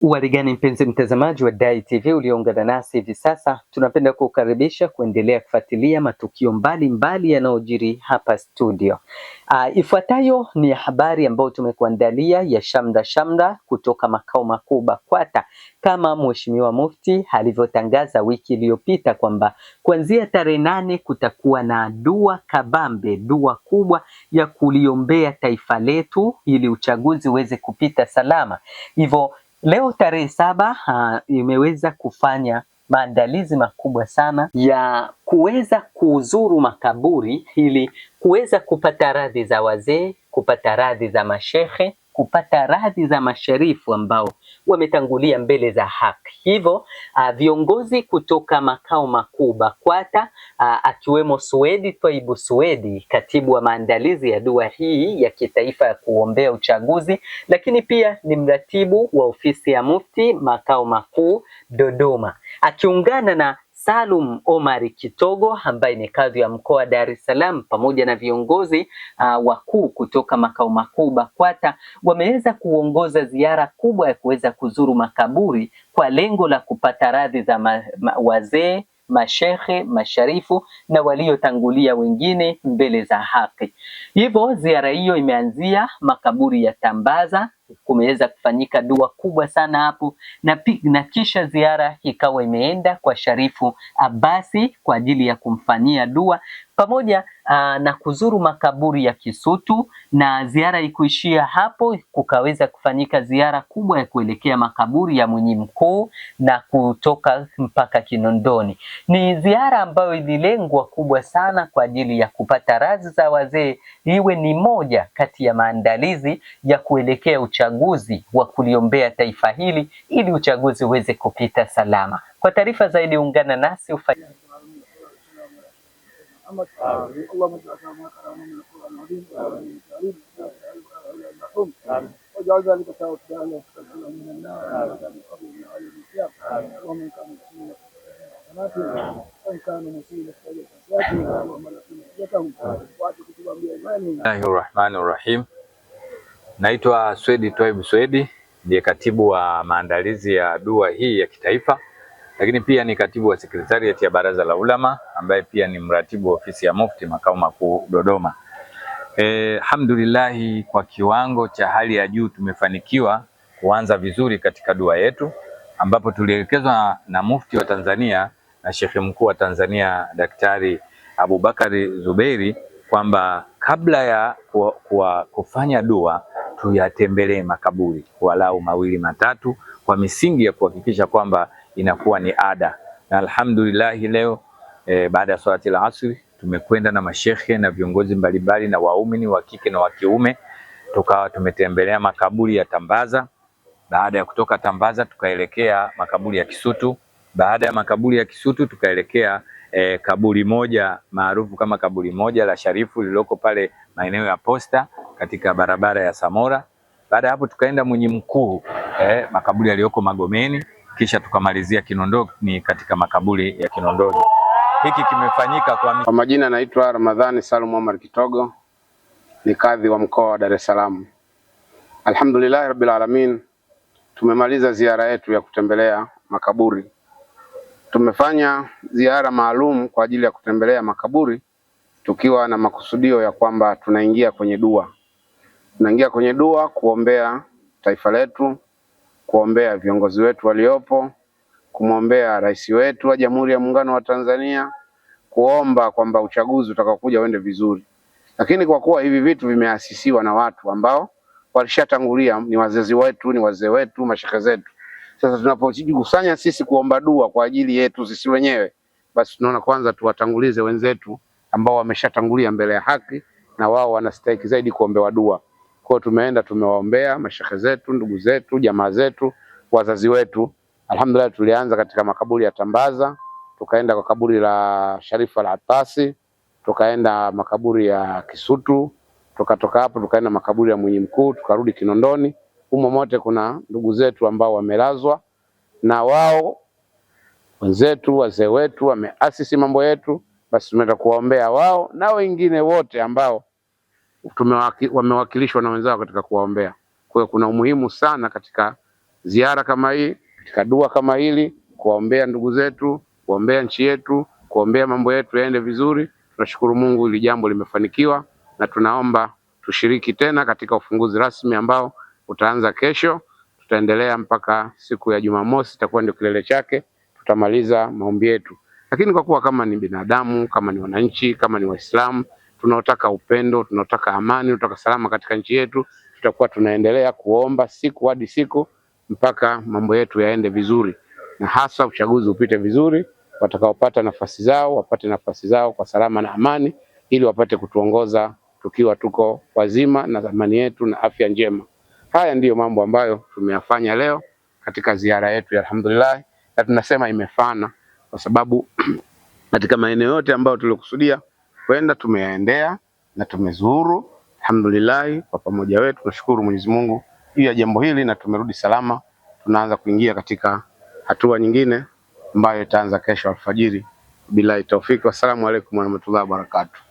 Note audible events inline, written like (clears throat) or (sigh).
Uwarigani mpenzi mtazamaji wa Dai TV ulioungana nasi hivi sasa, tunapenda kukaribisha kuendelea kufuatilia matukio mbalimbali yanayojiri hapa studio. Uh, ifuatayo ni habari ambayo tumekuandalia ya shamra shamra kutoka makao makuu BAKWATA kama Mheshimiwa Mufti alivyotangaza wiki iliyopita kwamba kuanzia tarehe nane kutakuwa na dua kabambe, dua kubwa ya kuliombea taifa letu ili uchaguzi uweze kupita salama. Hivyo Leo tarehe saba ha, ah, imeweza kufanya maandalizi makubwa sana ya kuweza kuzuru makaburi ili kuweza kupata radhi za wazee, kupata radhi za mashehe, kupata radhi za masharifu ambao wametangulia mbele za haki. Hivyo uh, viongozi kutoka makao makuu BAKWATA uh, akiwemo Suwedi Twaibu Suwedi, katibu wa maandalizi ya dua hii ya kitaifa ya kuombea uchaguzi, lakini pia ni mratibu wa ofisi ya mufti makao makuu Dodoma, akiungana na Salum Omar Kitogo ambaye ni kadhi ya mkoa wa Dar es Salaam pamoja na viongozi uh, wakuu kutoka makao makuu BAKWATA wameweza kuongoza ziara kubwa ya kuweza kuzuru makaburi kwa lengo la kupata radhi za ma, ma, wazee mashehe, masharifu na waliotangulia wengine mbele za haki. Hivyo ziara hiyo imeanzia makaburi ya Tambaza kumeweza kufanyika dua kubwa sana hapo na, na kisha ziara ikawa imeenda kwa Sharifu abasi kwa ajili ya kumfanyia dua pamoja aa, ah, na kuzuru makaburi ya Kisutu na ziara ikuishia hapo. Kukaweza kufanyika ziara kubwa ya kuelekea makaburi ya Mwenye Mkuu na kutoka mpaka Kinondoni. Ni ziara ambayo ililengwa kubwa sana kwa ajili ya kupata radhi za wazee, iwe ni moja kati ya maandalizi ya kuelekea uchaguzi wa kuliombea taifa hili ili uchaguzi uweze kupita salama. Kwa taarifa zaidi ungana nasi ufa... Naitwa Swedi Twaibu Swedi, ndiye katibu wa maandalizi ya dua hii ya kitaifa, lakini pia ni katibu wa sekretariati ya Baraza la Ulama, ambaye pia ni mratibu wa ofisi ya Mufti makao makuu Dodoma. Alhamdulillah e, kwa kiwango cha hali ya juu tumefanikiwa kuanza vizuri katika dua yetu, ambapo tulielekezwa na Mufti wa Tanzania na Shekhe Mkuu wa Tanzania Daktari Abubakari Zuberi kwamba kabla ya kwa, kwa kufanya dua tuyatembelee makaburi walau mawili matatu, kwa misingi ya kuhakikisha kwamba inakuwa ni ada. Na alhamdulillahi leo e, baada ya swalati la asri tumekwenda na mashekhe na viongozi mbalimbali na waumini wa kike na wa kiume, tukawa tumetembelea makaburi ya Tambaza. Baada ya kutoka Tambaza tukaelekea makaburi ya Kisutu. Baada ya makaburi ya Kisutu tukaelekea e, kaburi moja maarufu kama kaburi moja la Sharifu lililoko pale maeneo ya Posta katika barabara ya Samora. Baada ya hapo tukaenda Mwenye Mkuu e, makaburi yaliyoko Magomeni, kisha tukamalizia Kinondoni katika makaburi ya Kinondoni. Hiki kimefanyika kwa, kwa majina naitwa Ramadhani Salum Omar Kitogo, ni kadhi wa mkoa wa Dar es Salaam. Alhamdulillahi rabbil alamin, tumemaliza ziara yetu ya kutembelea makaburi Tumefanya ziara maalum kwa ajili ya kutembelea makaburi tukiwa na makusudio ya kwamba tunaingia kwenye dua, tunaingia kwenye dua kuombea taifa letu, kuombea viongozi wetu waliopo, kumwombea rais wetu wa Jamhuri ya Muungano wa Tanzania, kuomba kwamba uchaguzi utakaokuja uende vizuri. Lakini kwa kuwa hivi vitu vimeasisiwa na watu ambao walishatangulia, ni wazazi wetu, ni wazee wetu, mashaka zetu sasa tunapozidi kusanya sisi kuomba dua kwa ajili yetu sisi wenyewe, basi tunaona kwanza tuwatangulize wenzetu ambao wameshatangulia mbele ya haki, na wao wanastahiki zaidi kuombewa dua. Kwa hiyo tumeenda tumewaombea mashehe zetu, ndugu zetu, jamaa zetu, wazazi wetu. Alhamdulillah, tulianza katika makaburi ya Tambaza, tukaenda kwa kaburi la sharifa Al-Atasi, tukaenda makaburi ya Kisutu, tukatoka hapo tukaenda makaburi ya Mwinyi Mkuu, tukarudi Kinondoni humo mote kuna ndugu zetu ambao wamelazwa, na wao wenzetu, wazee wetu wameasisi mambo yetu, basi tumeenda kuwaombea wao na wengine wote ambao wamewakilishwa na wenzao katika kuwaombea. Kwa hiyo kuna umuhimu sana katika ziara kama hii, katika dua kama hili, kuwaombea ndugu zetu, kuombea nchi yetu, kuombea mambo yetu yaende vizuri. Tunashukuru Mungu, hili jambo limefanikiwa na tunaomba tushiriki tena katika ufunguzi rasmi ambao utaanza kesho, tutaendelea mpaka siku ya Jumamosi, itakuwa ndio kilele chake, tutamaliza maombi yetu. Lakini kwa kuwa kama ni binadamu, kama ni wananchi, kama ni Waislamu tunaotaka upendo, tunaotaka amani, tunataka salama katika nchi yetu, tutakuwa tunaendelea kuomba siku hadi siku mpaka mambo yetu yaende vizuri, na hasa uchaguzi upite vizuri, watakaopata nafasi zao wapate nafasi zao kwa salama na amani, ili wapate kutuongoza tukiwa tuko wazima na amani yetu na afya njema. Haya ndiyo mambo ambayo tumeyafanya leo katika ziara yetu ya alhamdulillah, na tunasema imefana kwa sababu (clears throat) katika maeneo yote ambayo tulikusudia kwenda tumeyaendea na tumezuru alhamdulillah. Kwa pamoja wetu tunashukuru Mwenyezi Mungu juu ya jambo hili na tumerudi salama. Tunaanza kuingia katika hatua nyingine ambayo itaanza kesho alfajiri. Billahi taufiki, wassalamu alaikum warahmatullahi wabarakatuh.